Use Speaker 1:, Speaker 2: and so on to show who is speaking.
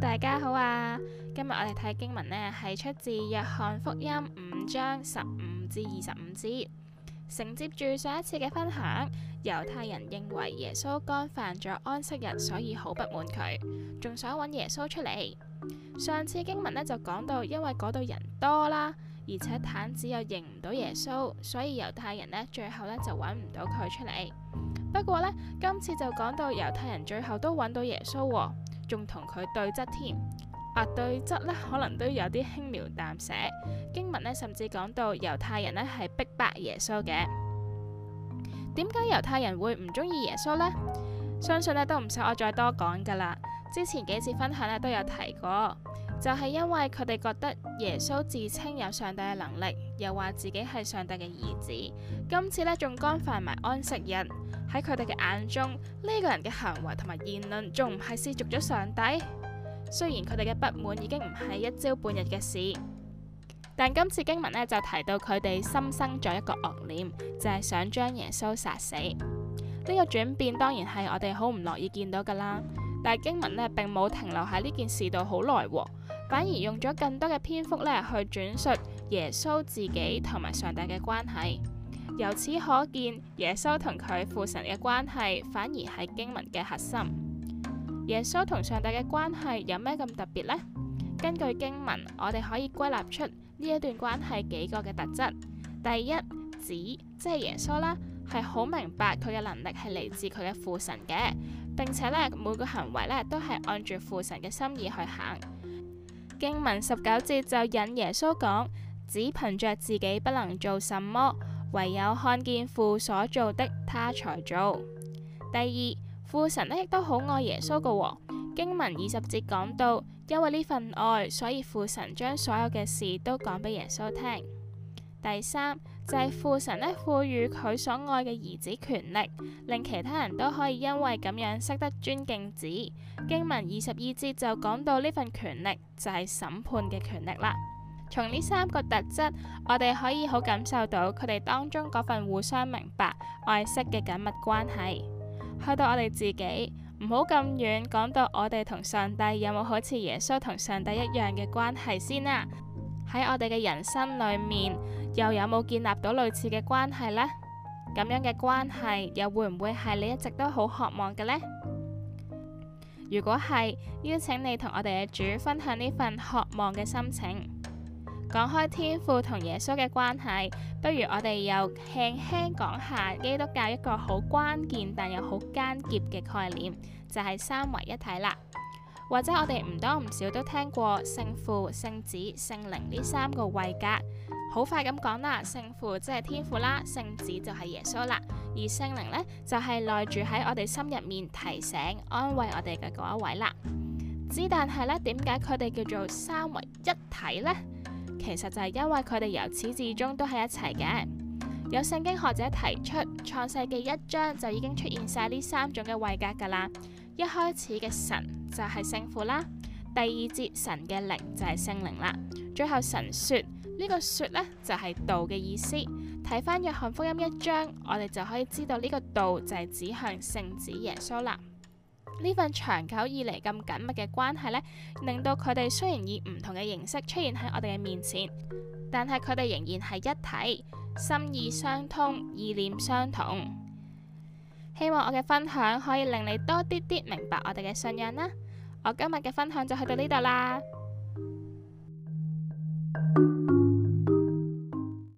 Speaker 1: 大家好啊！今日我哋睇經文呢，係出自約翰福音五章十五至二十五節，承接住上一次嘅分享。猶太人認為耶穌干犯咗安息日，所以好不滿佢，仲想揾耶穌出嚟。上次經文呢就講到，因為嗰度人多啦，而且毯子又認唔到耶穌，所以猶太人呢最後呢就揾唔到佢出嚟。不過呢，今次就講到猶太人最後都揾到耶穌喎、哦。仲同佢對質添，啊對質咧可能都有啲輕描淡寫。經文咧甚至講到猶太人咧係逼迫耶穌嘅，點解猶太人會唔中意耶穌呢？相信咧都唔使我再多講噶啦，之前幾次分享啊都有提過。就係因為佢哋覺得耶穌自稱有上帝嘅能力，又話自己係上帝嘅兒子，今次呢仲干犯埋安息日。喺佢哋嘅眼中，呢、這個人嘅行為同埋言論仲唔係褻瀆咗上帝？雖然佢哋嘅不滿已經唔係一朝半日嘅事，但今次經文呢就提到佢哋心生咗一個惡念，就係、是、想將耶穌殺死。呢、這個轉變當然係我哋好唔樂意見到噶啦。但經文呢並冇停留喺呢件事度好耐喎。反而用咗更多嘅篇幅咧，去轉述耶穌自己同埋上帝嘅關係。由此可見，耶穌同佢父神嘅關係反而係經文嘅核心。耶穌同上帝嘅關係有咩咁特別呢？根據經文，我哋可以歸納出呢一段關係幾個嘅特質。第一，子即係耶穌啦，係好明白佢嘅能力係嚟自佢嘅父神嘅，並且咧每個行為咧都係按住父神嘅心意去行。經文十九節就引耶穌講，只憑着自己不能做什麼，唯有看見父所做的，他才做。第二，父神咧亦都好愛耶穌噶、哦，經文二十節講到，因為呢份愛，所以父神將所有嘅事都講俾耶穌聽。第三，就係父神咧，賦予佢所愛嘅兒子權力，令其他人都可以因為咁樣識得尊敬子。經文二十二節就講到呢份權力就係審判嘅權力啦。從呢三個特質，我哋可以好感受到佢哋當中嗰份互相明白、愛惜嘅緊密關係。去到我哋自己，唔好咁遠，講到我哋同上帝有冇好似耶穌同上帝一樣嘅關係先啦。喺我哋嘅人生裏面，又有冇建立到類似嘅關係呢？咁樣嘅關係又會唔會係你一直都好渴望嘅呢？如果係，邀請你同我哋嘅主分享呢份渴望嘅心情。講開天父同耶穌嘅關係，不如我哋又輕輕講下基督教一個好關鍵但又好艱澀嘅概念，就係三位一體啦。或者我哋唔多唔少都聽過聖父、聖子、聖靈呢三個位格。好快咁講啦，聖父即係天父啦，聖子就係耶穌啦，而聖靈呢，就係內住喺我哋心入面提醒、安慰我哋嘅嗰一位啦。只但係呢，點解佢哋叫做三位一體呢？其實就係因為佢哋由始至終都係一齊嘅。有聖經學者提出，創世記一章就已經出現晒呢三種嘅位格噶啦。一開始嘅神就係聖父啦。第二節神嘅靈就係聖靈啦。最後神說，呢個說呢就係道嘅意思。睇翻約翰福音一章，我哋就可以知道呢個道就係指向聖子耶穌啦。呢份長久以嚟咁緊密嘅關係呢，令到佢哋雖然以唔同嘅形式出現喺我哋嘅面前，但係佢哋仍然係一體，心意相通，意念相同。希望我嘅分享可以令你多啲啲明白我哋嘅信仰啦。我今日嘅分享就去到呢度啦。